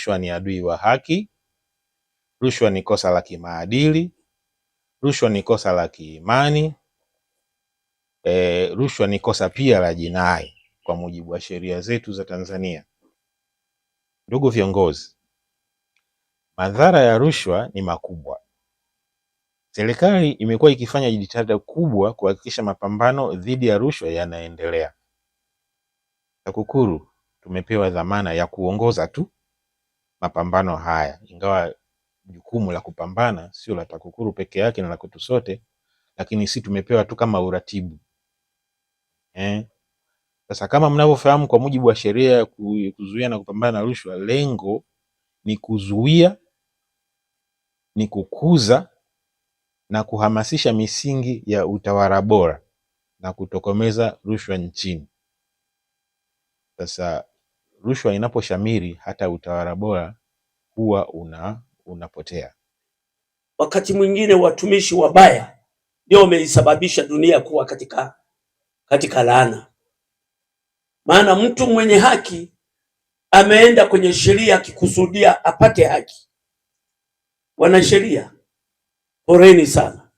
Rushwa ni adui wa haki, rushwa ni kosa la kimaadili, rushwa ni kosa la kiimani, e, rushwa ni kosa pia la jinai kwa mujibu wa sheria zetu za Tanzania. Ndugu viongozi, madhara ya rushwa ni makubwa. Serikali imekuwa ikifanya jitihada kubwa kuhakikisha mapambano dhidi ya rushwa yanaendelea. TAKUKURU tumepewa dhamana ya kuongoza tu mapambano haya, ingawa jukumu la kupambana sio la TAKUKURU peke yake na la kwetu sote, lakini si tumepewa tu kama uratibu eh? Sasa kama mnavyofahamu, kwa mujibu wa sheria ya kuzuia na kupambana na rushwa, lengo ni kuzuia, ni kukuza na kuhamasisha misingi ya utawala bora na kutokomeza rushwa nchini. Sasa rushwa inaposhamiri hata utawala bora huwa una, unapotea. Wakati mwingine watumishi wabaya ndio wameisababisha dunia kuwa katika, katika laana. Maana mtu mwenye haki ameenda kwenye sheria akikusudia apate haki. Wanasheria, poreni sana.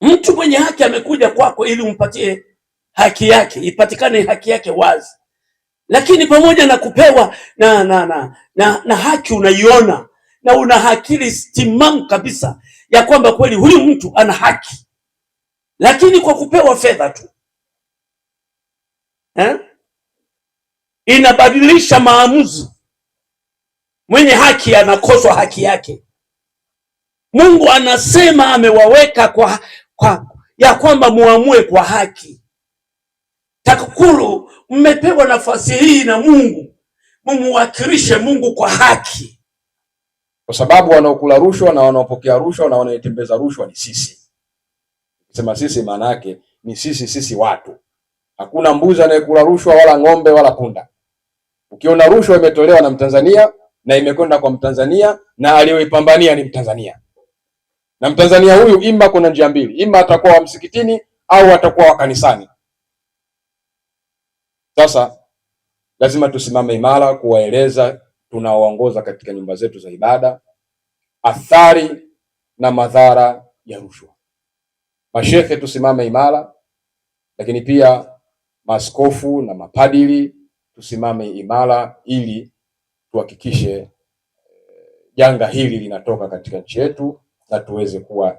Mtu mwenye haki amekuja kwako ili umpatie haki yake ipatikane haki yake wazi, lakini pamoja na kupewa na na na, na, na haki unaiona na una akili timamu kabisa ya kwamba kweli huyu mtu ana haki, lakini kwa kupewa fedha tu eh? Inabadilisha maamuzi. Mwenye haki anakoswa haki yake. Mungu anasema amewaweka kwa, kwa ya kwamba muamue kwa haki. Ikulu mmepewa nafasi hii na Mungu, mumuwakilishe Mungu kwa haki, kwa sababu wanaokula rushwa na wanaopokea rushwa na wanaetembeza rushwa ni sisi. Sema sisi, maana yake ni sisi, sisi watu. Hakuna mbuzi anayekula rushwa wala ng'ombe wala punda. Ukiona rushwa imetolewa na Mtanzania na imekwenda kwa Mtanzania na aliyoipambania ni Mtanzania, na Mtanzania huyu, ima kuna njia mbili, ima atakuwa wa msikitini au atakuwa wa kanisani. Sasa lazima tusimame imara kuwaeleza tunaoongoza katika nyumba zetu za ibada athari na madhara ya rushwa. Mashehe tusimame imara, lakini pia maaskofu na mapadili tusimame imara ili tuhakikishe eh, janga hili linatoka katika nchi yetu na tuweze kuwa.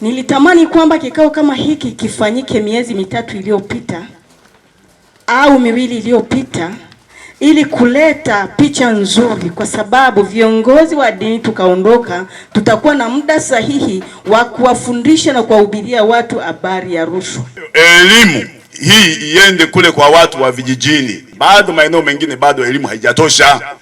Nilitamani kwamba kikao kama hiki kifanyike miezi mitatu iliyopita au miwili iliyopita ili kuleta picha nzuri, kwa sababu viongozi wa dini tukaondoka, tutakuwa na muda sahihi wa kuwafundisha na kuwahubiria watu habari ya rushwa. Elimu hii iende kule kwa watu wa vijijini, bado maeneo mengine bado elimu haijatosha.